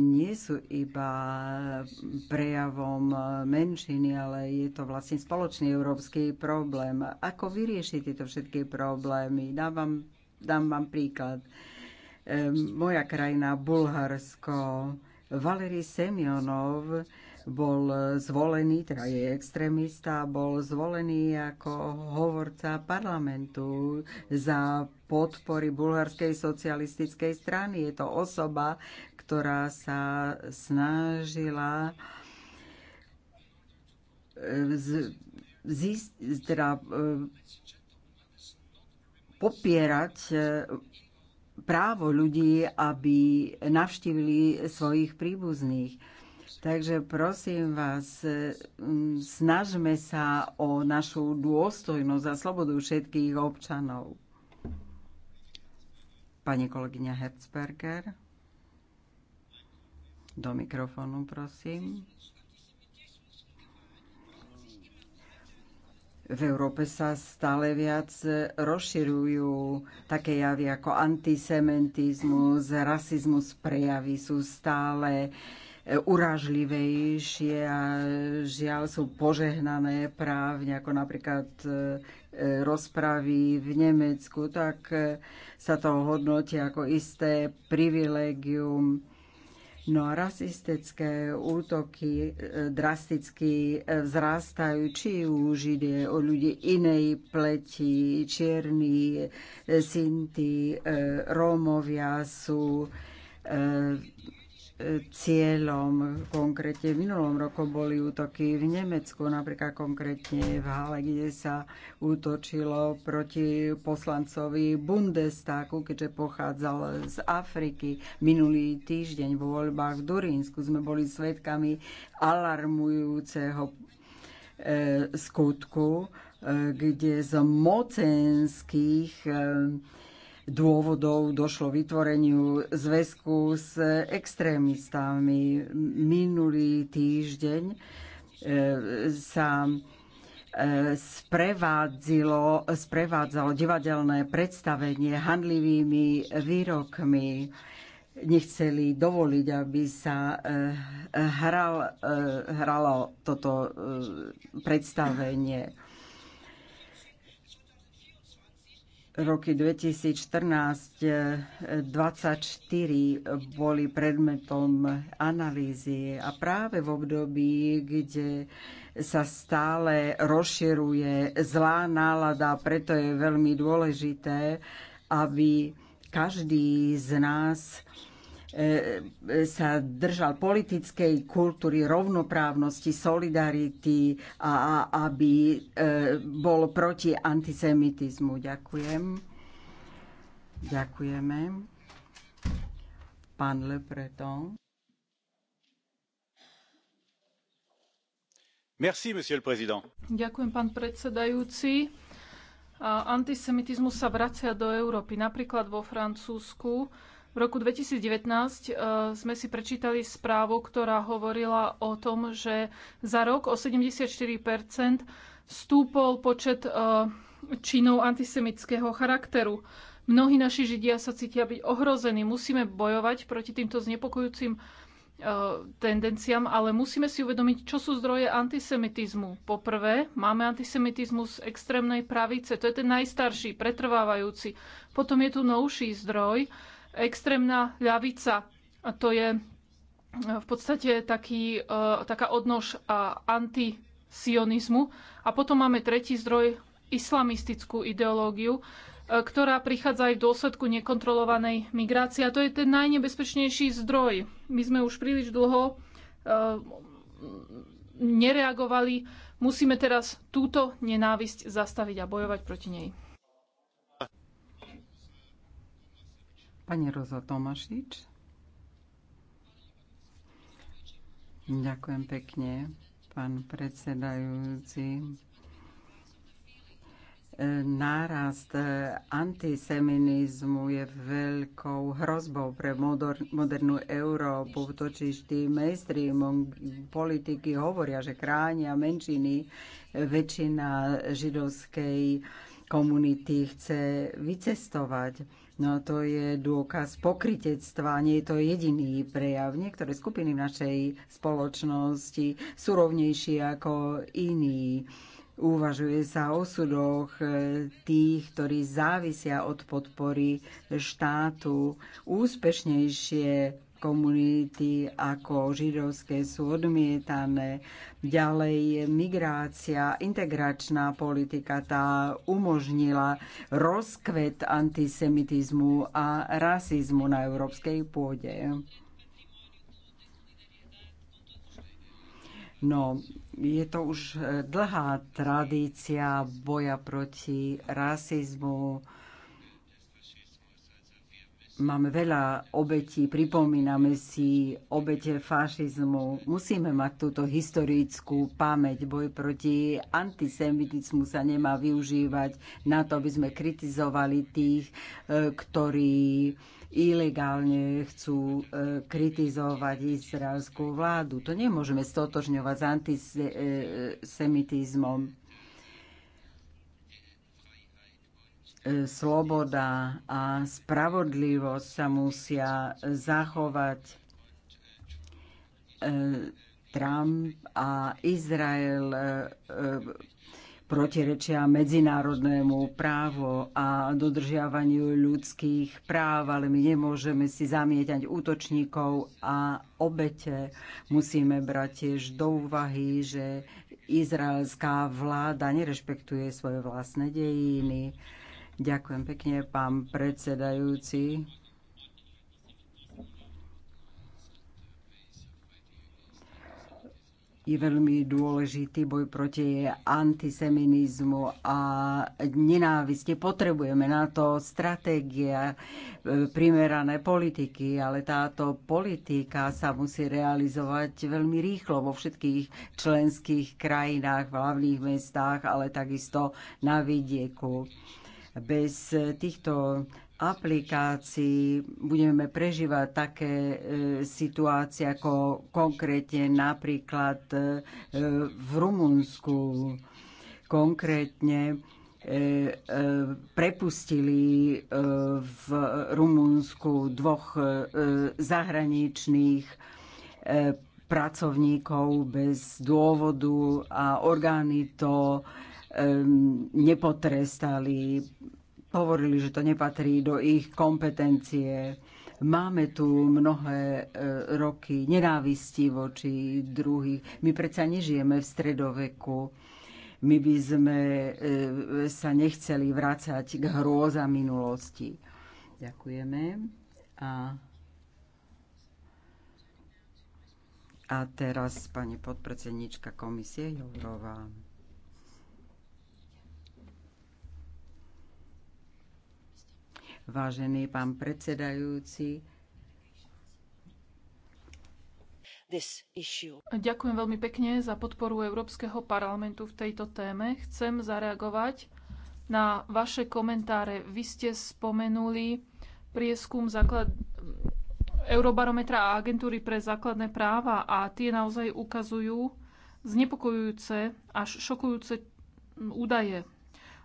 S1: nie sú iba prejavom menšiny, ale je to vlastne spoločný európsky problém. Ako vyriešiť tieto všetky problémy? Dám vám, dám vám príklad. Eh, moja krajina, Bulharsko, Valery Semionov, bol zvolený, teda je extrémista, bol zvolený ako hovorca parlamentu za podpory bulharskej socialistickej strany. Je to osoba, ktorá sa snažila eh, zísť, teda, eh, popierať eh, právo ľudí, aby navštívili svojich príbuzných. Takže prosím vás, e, snažme sa o našu dôstojnosť a slobodu všetkých občanov. Pani kolegyňa Herzberger. Do mikrofónu, prosím. V Európe sa stále viac rozširujú také javy ako antisemitizmus, rasizmus, prejavy sú stále uh, urážlivejšie a žiaľ sú požehnané právne, ako napríklad e, rozpravy v Nemecku, tak e, sa to hodnotí ako isté privilegium. No a rasistické útoky e, drasticky vzrastajú, či už ide o ľudí inej pleti, čierni, sinti, rómovia sú cieľom. Konkrétne v minulom roku boli útoky v Nemecku, napríklad konkrétne v Hale, kde sa útočilo proti poslancovi Bundestagu, keďže pochádzal z Afriky. Minulý týždeň vo voľbách v Durínsku sme boli svedkami alarmujúceho e, skutku, e, kde z mocenských e, dôvodov došlo vytvoreniu zväzku s extrémistami. Minulý týždeň e, sa e, sprevádzalo divadelné predstavenie handlivými výrokmi. Nechceli dovoliť, aby sa e, hral, hralo toto predstavenie. roky 2014-2024 boli predmetom analýzy a práve v období, kde sa stále rozširuje zlá nálada, preto je veľmi dôležité, aby každý z nás E, e, sa držal politickej kultúry rovnoprávnosti, solidarity a aby e, bol proti antisemitizmu. Ďakujem. Ďakujeme. Pán Le Breton.
S4: Merci, monsieur le président.
S2: Ďakujem, pán predsedajúci. Antisemitizmus sa vracia do Európy. Napríklad vo Francúzsku v roku 2019 e, sme si prečítali správu, ktorá hovorila o tom, že za rok o 74 stúpol počet e, činov antisemického charakteru. Mnohí naši Židia sa cítia byť ohrození. Musíme bojovať proti týmto znepokojúcim e, tendenciám, ale musíme si uvedomiť, čo sú zdroje antisemitizmu. Poprvé, máme antisemitizmus extrémnej pravice, to je ten najstarší, pretrvávajúci. Potom je tu novší zdroj, extrémna ľavica. A to je e, v podstate taký, e, taká odnož e, antisionizmu. A potom máme tretí zdroj, islamistickú ideológiu, ktorá prichádza aj v dôsledku nekontrolovanej migrácie. A to je ten najnebezpečnejší zdroj. My sme už príliš dlho nereagovali. Musíme teraz túto nenávisť zastaviť a bojovať proti nej.
S1: Pani Roza Tomašič. Ďakujem pekne, pán predsedajúci. Nárast eh, antiseminizmu je veľkou hrozbou pre modernú Európu, totiž tí mainstream politiky hovoria, že kránia menšiny. Väčšina židovskej komunity chce vycestovať No to je dôkaz pokritectva, nie je to jediný prejav. Niektoré skupiny v našej spoločnosti sú rovnejšie ako iní. Uvažuje sa o súdoch e, tých, ktorí závisia od podpory štátu. Úspešnejšie komunity ako židovské sú odmietané. Ďalej migrácia, integračná politika tá umožnila rozkvet antisemitizmu a rasizmu na európskej pôde. No, je to už dlhá tradícia boja proti rasizmu, máme veľa obetí, pripomíname si obete fašizmu. Musíme mať túto historickú pamäť. Boj proti antisemitizmu sa nemá využívať na to, aby sme kritizovali tých, e, ktorí ilegálne chcú e, kritizovať izraelskú vládu. To nemôžeme stotožňovať s antisemitizmom sloboda a spravodlivosť sa musia zachovať. E, Trump a Izrael e, e, protirečia medzinárodnému právo a dodržiavaniu ľudských práv, ale my nemôžeme si zamietať útočníkov a obete. Musíme brať tiež do úvahy, že izraelská vláda nerešpektuje svoje vlastné dejiny Ďakujem pekne, pán predsedajúci. je veľmi dôležitý boj proti antiseminizmu a nenávisti. Potrebujeme na to stratégia, e, primerané politiky, ale táto politika sa musí realizovať veľmi rýchlo vo všetkých členských krajinách, v hlavných mestách, ale takisto na vidieku bez týchto aplikácií budeme prežívať také e, situácie ako konkrétne napríklad e, v Rumunsku. Konkrétne e, prepustili v Rumunsku dvoch zahraničných pracovníkov bez dôvodu a orgány to nepotrestali, hovorili, že to nepatrí do ich kompetencie. Máme tu mnohé e, roky nenávisti voči druhých. My predsa nežijeme v stredoveku. My by sme e, sa nechceli vrácať k hrôza minulosti. Ďakujeme. A a teraz pani podpredsednička komisie Jourová. Vážený pán predsedajúci,
S2: Ďakujem veľmi pekne za podporu Európskeho parlamentu v tejto téme. Chcem zareagovať na vaše komentáre. Vy ste spomenuli prieskum základ... Eurobarometra a agentúry pre základné práva a tie naozaj ukazujú znepokojujúce až šokujúce údaje.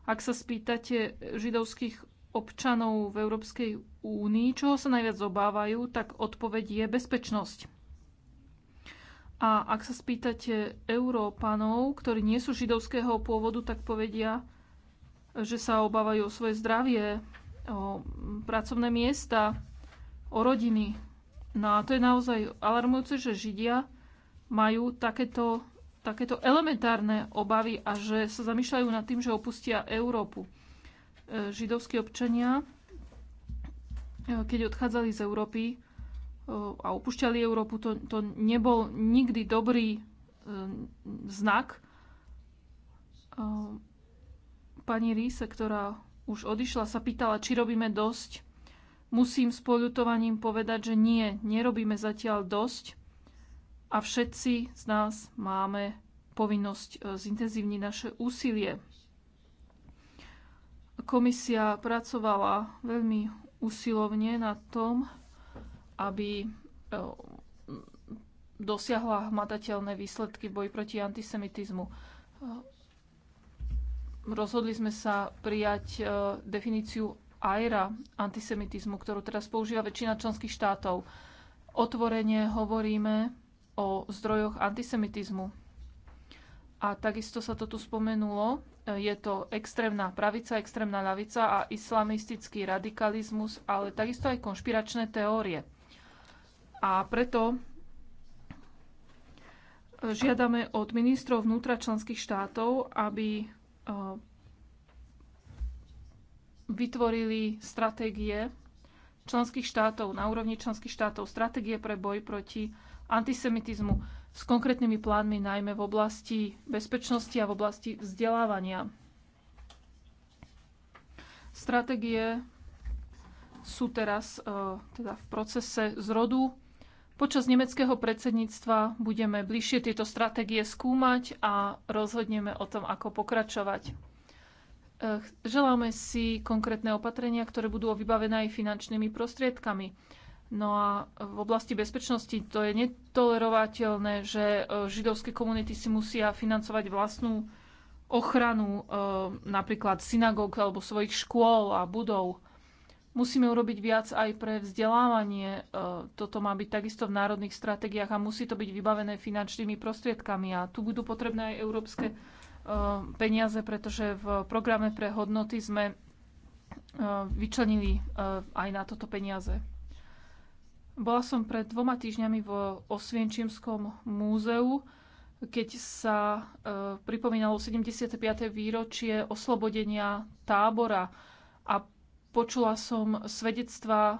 S2: Ak sa spýtate židovských občanov v Európskej únii, čoho sa najviac obávajú, tak odpoveď je bezpečnosť. A ak sa spýtate Európanov, ktorí nie sú židovského pôvodu, tak povedia, že sa obávajú o svoje zdravie, o pracovné miesta, o rodiny. No a to je naozaj alarmujúce, že Židia majú takéto, takéto elementárne obavy a že sa zamýšľajú nad tým, že opustia Európu. E, židovskí občania, e, keď odchádzali z Európy e, a opúšťali Európu, to, to nebol nikdy dobrý znak. Pani Ríse, ktorá už odišla, sa pýtala, či robíme dosť. Musím s poľutovaním povedať, že nie, nerobíme zatiaľ dosť a všetci z nás máme povinnosť zintenzívniť naše úsilie. Komisia pracovala veľmi usilovne na tom, aby e, dosiahla hmatateľné výsledky v boji proti antisemitizmu. E, rozhodli sme sa prijať e, definíciu AIRA antisemitizmu, ktorú teraz používa väčšina členských štátov. Otvorene hovoríme o zdrojoch antisemitizmu. A takisto sa to tu spomenulo je to extrémna pravica, extrémna ľavica a islamistický radikalizmus, ale takisto aj konšpiračné teórie. A preto žiadame od ministrov vnútra členských štátov, aby e, vytvorili stratégie členských štátov na úrovni členských štátov, stratégie pre boj proti antisemitizmu s konkrétnymi plánmi najmä v oblasti bezpečnosti a v oblasti vzdelávania. Stratégie sú teraz e, teda v procese zrodu. Počas nemeckého predsedníctva budeme bližšie tieto stratégie skúmať a rozhodneme o tom, ako pokračovať. E, želáme si konkrétne opatrenia, ktoré budú vybavené aj finančnými prostriedkami. No a v oblasti bezpečnosti to je netolerovateľné, že e, židovské komunity si musia financovať vlastnú ochranu e, napríklad synagóg alebo svojich škôl a budov. Musíme urobiť viac aj pre vzdelávanie. E, toto má byť takisto v národných stratégiách a musí to byť vybavené finančnými prostriedkami. A tu budú potrebné aj európske peniaze, pretože v programe pre hodnoty sme vyčlenili aj na toto peniaze. Bola som pred dvoma týždňami v Osvienčimskom múzeu, keď sa e, pripomínalo 75. výročie oslobodenia tábora a počula som svedectvá e,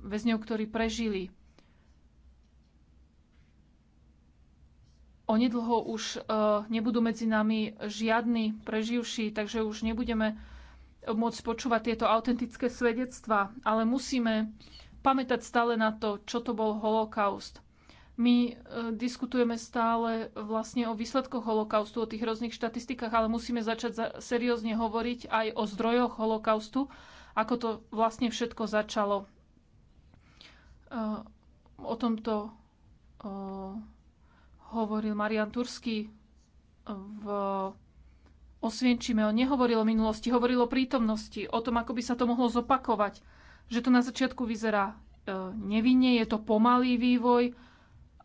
S2: väzňov, ktorí prežili. Onedlho už e, nebudú medzi nami žiadni preživší, takže už nebudeme môcť počúvať tieto autentické svedectvá, ale musíme pamätať stále na to, čo to bol holokaust. My e, diskutujeme stále vlastne o výsledkoch holokaustu, o tých rôznych štatistikách, ale musíme začať seriózne hovoriť aj o zdrojoch holokaustu, ako to vlastne všetko začalo. E, o tomto e, hovoril Marian Turský v Osvienčime. On nehovoril o minulosti, hovoril o prítomnosti, o tom, ako by sa to mohlo zopakovať že to na začiatku vyzerá e, nevinne, je to pomalý vývoj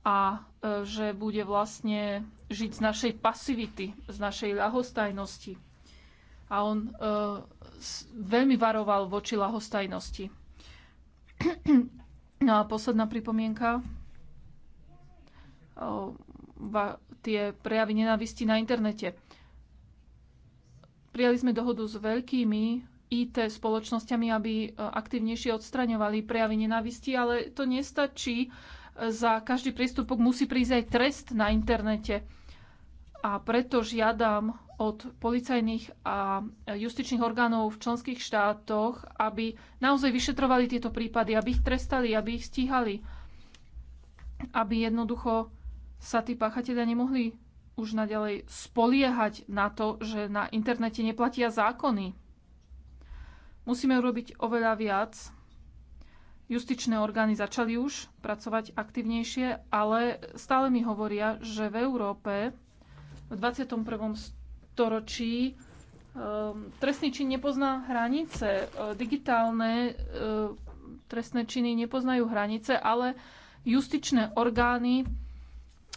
S2: a e, že bude vlastne žiť z našej pasivity, z našej ľahostajnosti. A on e, veľmi varoval voči ľahostajnosti. No a posledná pripomienka. Tie prejavy nenávisti na internete. Prijali sme dohodu s veľkými IT spoločnosťami, aby e, aktívnejšie odstraňovali prejavy nenávisti, ale to nestačí. E, za každý prístupok musí prísť aj trest na internete. A preto žiadam od policajných a justičných orgánov v členských štátoch, aby naozaj vyšetrovali tieto prípady, aby ich trestali, aby ich stíhali, aby jednoducho sa tí páchatelia nemohli už naďalej spoliehať na to, že na internete neplatia zákony. Musíme urobiť oveľa viac. Justičné orgány začali už pracovať aktivnejšie, ale stále mi hovoria, že v Európe v 21. storočí e, trestný čin nepozná hranice. E, digitálne e, trestné činy nepoznajú hranice, ale justičné orgány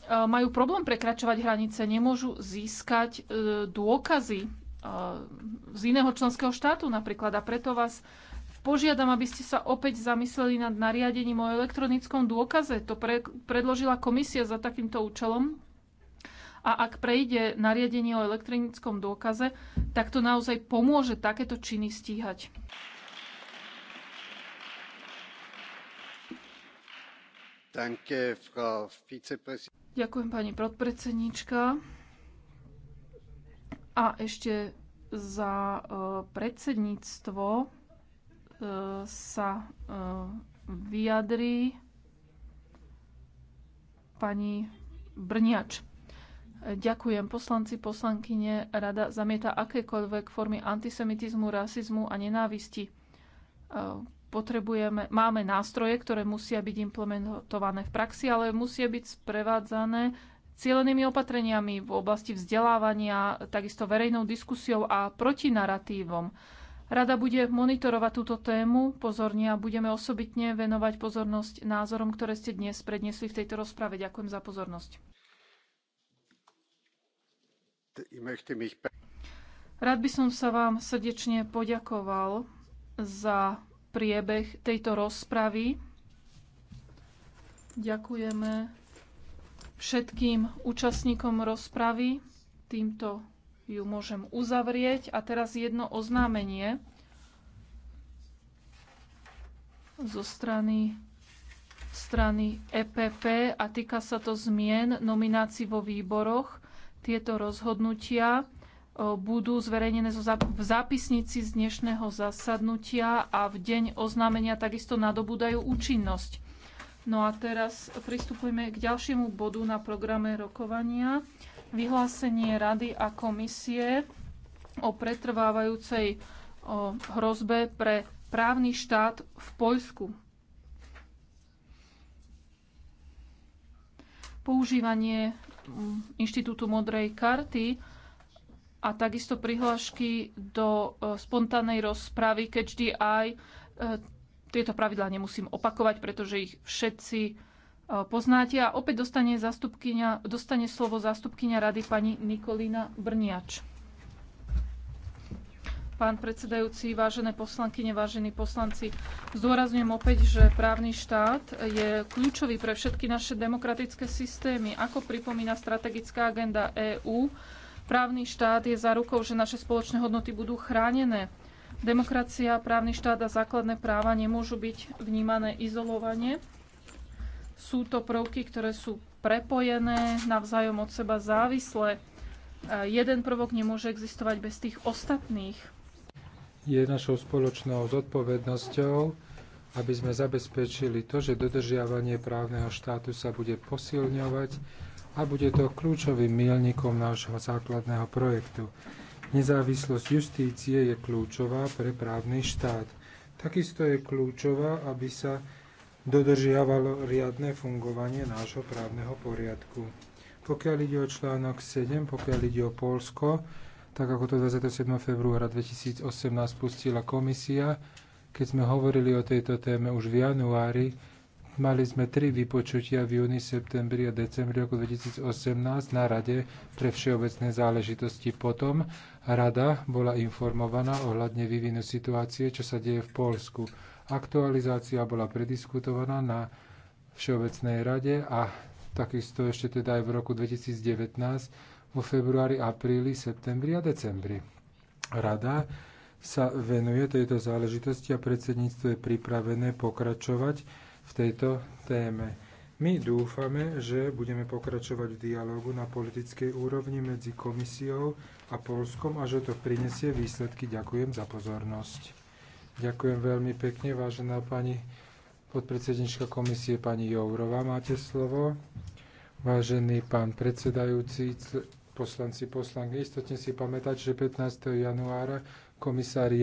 S2: majú problém prekračovať hranice, nemôžu získať dôkazy z iného členského štátu napríklad. A preto vás požiadam, aby ste sa opäť zamysleli nad nariadením o elektronickom dôkaze. To pre, predložila komisia za takýmto účelom. A ak prejde nariadenie o elektronickom dôkaze, tak to naozaj pomôže takéto činy stíhať. Ďakujem pani podpredsedníčka. A ešte za eh, predsedníctvo eh, sa eh, vyjadrí pani Brniač. Ďakujem poslanci, poslankyne. Rada zamieta akékoľvek formy antisemitizmu, rasizmu a nenávisti. Potrebujeme, máme nástroje, ktoré musia byť implementované v praxi, ale musia byť sprevádzané cielenými opatreniami v oblasti vzdelávania, takisto verejnou diskusiou a protinaratívom. Rada bude monitorovať túto tému pozorne a budeme osobitne venovať pozornosť názorom, ktoré ste dnes predniesli v tejto rozprave. Ďakujem za pozornosť. Rád by som sa vám srdečne poďakoval za priebeh tejto rozpravy. Ďakujeme všetkým účastníkom rozpravy. Týmto ju môžem uzavrieť. A teraz jedno oznámenie zo strany, strany EPP a týka sa to zmien nominácií vo výboroch. Tieto rozhodnutia e, budú zverejnené v zápisnici z dnešného zasadnutia a v deň oznámenia takisto nadobúdajú účinnosť. No a teraz pristupujeme k ďalšiemu bodu na programe rokovania. Vyhlásenie Rady a komisie o pretrvávajúcej o hrozbe pre právny štát v Poľsku. Používanie inštitútu modrej karty a takisto prihlášky do e, spontánnej rozpravy, keď aj tieto pravidlá nemusím opakovať, pretože ich všetci e, poznáte. A opäť dostane, dostane slovo zástupkynia rady pani Nikolína Brniač. Pán predsedajúci, vážené poslanky, vážení poslanci, zdôrazňujem opäť, že právny štát je kľúčový pre všetky naše demokratické systémy. Ako pripomína strategická agenda EÚ, právny štát je zárukou, že naše spoločné hodnoty budú chránené. Demokracia, právny štát a základné práva nemôžu byť vnímané izolovane. Sú to prvky, ktoré sú prepojené, navzájom od seba závislé. Jeden prvok nemôže existovať bez tých ostatných.
S3: Je našou spoločnou zodpovednosťou, aby sme zabezpečili to, že dodržiavanie právneho štátu sa bude posilňovať a bude to kľúčovým milníkom nášho základného projektu. Nezávislosť justície je kľúčová pre právny štát. Takisto je kľúčová, aby sa dodržiavalo riadne fungovanie nášho právneho poriadku. Pokiaľ ide o článok 7, pokiaľ ide o Polsko, tak ako to 27. februára 2018 pustila komisia, keď sme hovorili o tejto téme už v januári, Mali sme tri vypočutia v júni, septembri a decembri roku 2018 na Rade pre všeobecné záležitosti. Potom Rada bola informovaná ohľadne vývinu situácie, čo sa deje v Polsku. Aktualizácia bola prediskutovaná na Všeobecnej rade a takisto ešte teda aj v roku 2019 vo februári, apríli, septembri a decembri. Rada sa venuje tejto záležitosti a predsedníctvo je pripravené pokračovať v tejto téme. My dúfame, že budeme pokračovať v dialogu na politickej úrovni medzi komisiou a Polskom a že to prinesie výsledky. Ďakujem za pozornosť. Ďakujem veľmi pekne, vážená pani podpredsednička komisie, pani Jourova. Máte slovo. Vážený pán predsedajúci, poslanci, poslanky, istotne si pamätať, že 15. januára Komisár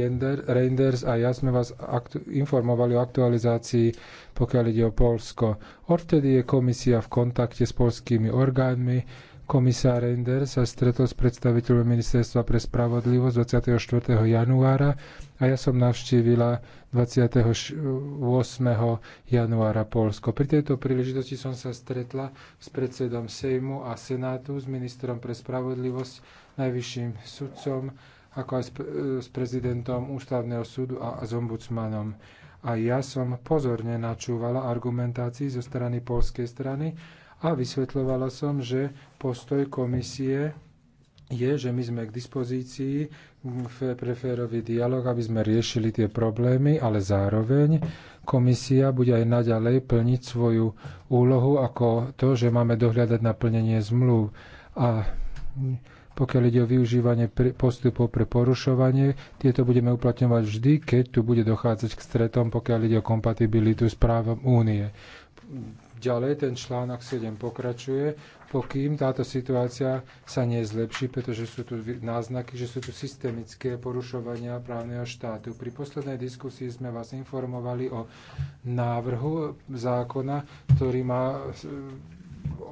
S3: Reinders a ja sme vás informovali o aktualizácii, pokiaľ ide o Polsko. Odvtedy je komisia v kontakte s polskými orgánmi. Komisár Reinders sa stretol s predstaviteľom Ministerstva pre spravodlivosť 24. januára a ja som navštívila 28. januára Polsko. Pri tejto príležitosti som sa stretla s predsedom Sejmu a Senátu, s ministrom pre spravodlivosť, najvyšším sudcom ako aj s, e, s prezidentom ústavného súdu a s ombudsmanom. A ja som pozorne načúvala argumentácii zo strany polskej strany a vysvetľovala som, že postoj komisie je, že my sme k dispozícii pre férový dialog, aby sme riešili tie problémy, ale zároveň komisia bude aj naďalej plniť svoju úlohu ako to, že máme dohľadať na plnenie zmluv. A pokiaľ ide o využívanie postupov pre porušovanie. Tieto budeme uplatňovať vždy, keď tu bude dochádzať k stretom, pokiaľ ide o kompatibilitu s právom únie. Ďalej ten článok 7 pokračuje, pokým táto situácia sa nezlepší, pretože sú tu náznaky, že sú tu systemické porušovania právneho štátu. Pri poslednej diskusii sme vás informovali o návrhu zákona, ktorý má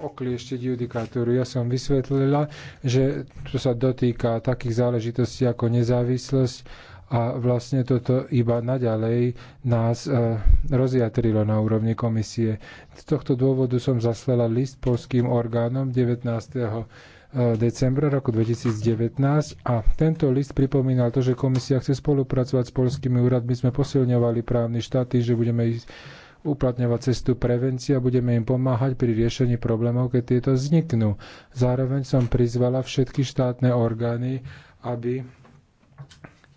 S3: oklieštiť judikatúru. Ja som vysvetlila, že to sa dotýka takých záležitostí ako nezávislosť a vlastne toto iba naďalej nás e, rozjatrilo na úrovni komisie. Z tohto dôvodu som zaslala list polským orgánom 19 e, decembra roku 2019 a tento list pripomínal to, že komisia chce spolupracovať s polskými úradmi. Sme posilňovali právny štát že budeme ísť uplatňovať cestu prevencie a budeme im pomáhať pri riešení problémov, keď tieto vzniknú. Zároveň som prizvala všetky štátne orgány, aby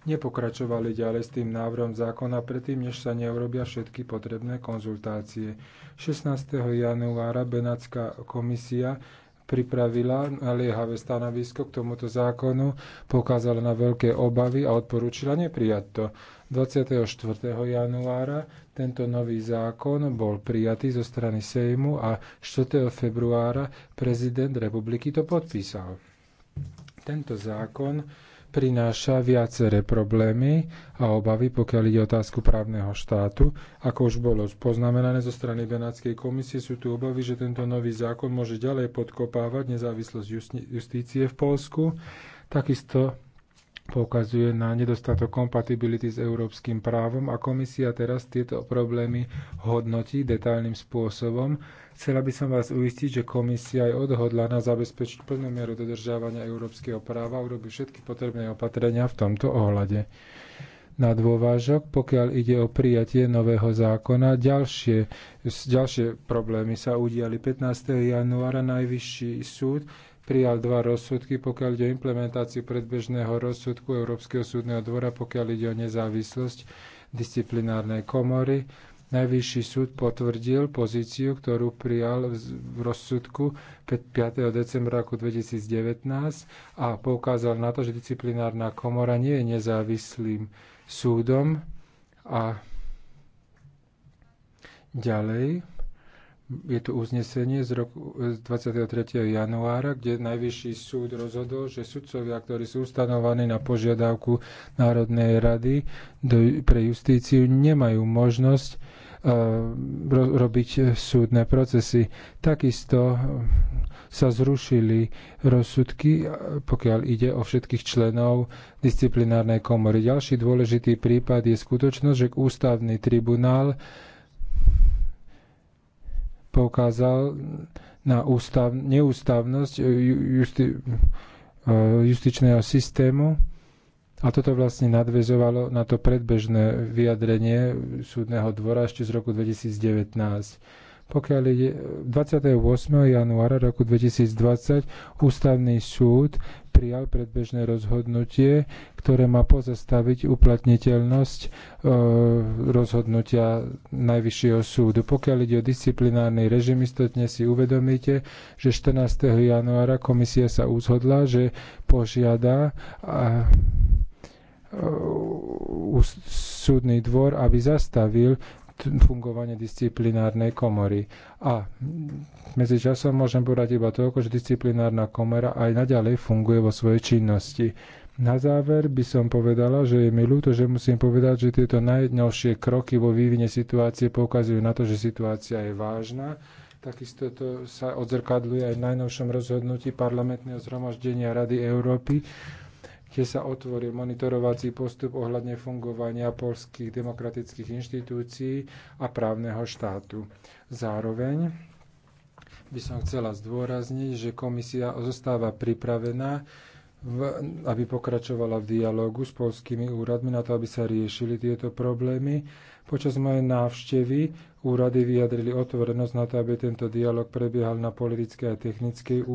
S3: nepokračovali ďalej s tým návrhom zákona predtým, než sa neurobia všetky potrebné konzultácie. 16. januára Benátska komisia pripravila naliehavé stanovisko k tomuto zákonu, pokázala na veľké obavy a odporúčila neprijať to. 24. januára tento nový zákon bol prijatý zo strany Sejmu a 4. februára prezident republiky to podpísal. Tento zákon prináša viaceré problémy a obavy, pokiaľ ide otázku právneho štátu. Ako už bolo poznamenané zo strany Benátskej komisie, sú tu obavy, že tento nový zákon môže ďalej podkopávať nezávislosť justície v Polsku. Takisto poukazuje na nedostatok kompatibility s európskym právom a komisia teraz tieto problémy hodnotí detailným spôsobom. Chcela by som vás uistiť, že komisia je odhodlaná zabezpečiť plnú mieru dodržiavania európskeho práva a urobiť všetky potrebné opatrenia v tomto ohľade. Na dôvážok, pokiaľ ide o prijatie nového zákona, ďalšie, ďalšie problémy sa udiali 15. januára Najvyšší súd prijal dva rozsudky, pokiaľ ide o implementáciu predbežného rozsudku Európskeho súdneho dvora, pokiaľ ide o nezávislosť disciplinárnej komory. Najvyšší súd potvrdil pozíciu, ktorú prijal v rozsudku 5. decembra roku 2019 a poukázal na to, že disciplinárna komora nie je nezávislým súdom a ďalej je tu uznesenie z, roku, 23. januára, kde Najvyšší súd rozhodol, že sudcovia, ktorí sú ustanovaní na požiadavku Národnej rady do, pre justíciu, nemajú možnosť uh, ro, robiť súdne procesy. Takisto e, sa zrušili rozsudky, e, pokiaľ ide o všetkých členov disciplinárnej komory. Ďalší dôležitý prípad je skutočnosť, že ústavný tribunál uh, poukázal na ústav, neústavnosť eh, justi, eh, justičného systému. A toto vlastne nadvezovalo na to predbežné vyjadrenie súdneho dvora ešte z roku 2019. Pokiaľ je 28. januára roku 2020 ústavný súd prijal predbežné rozhodnutie, ktoré má pozastaviť uplatniteľnosť e, rozhodnutia Najvyššieho súdu. Pokiaľ ide o disciplinárny režim, istotne si uvedomíte, že 14. januára komisia sa uzhodla, že požiada a, a, e, súdny dvor, aby zastavil fungovanie disciplinárnej komory. A medzi časom môžem povedať iba toľko, že disciplinárna komora aj naďalej funguje vo svojej činnosti. Na záver by som povedala, že je mi ľúto, že musím povedať, že tieto najednovšie kroky vo vývine situácie poukazujú na to, že situácia je vážna. Takisto to sa odzrkadľuje aj v najnovšom rozhodnutí parlamentného zhromaždenia Rady Európy že sa otvoril monitorovací postup ohľadne fungovania polských demokratických inštitúcií a právneho štátu. Zároveň by som chcela zdôrazniť, že komisia zostáva pripravená, aby pokračovala v dialogu s polskými úradmi na to, aby sa riešili tieto problémy. Počas mojej návštevy úrady vyjadrili otvorenosť na to, aby tento dialog prebiehal na politickej a technickej úrovni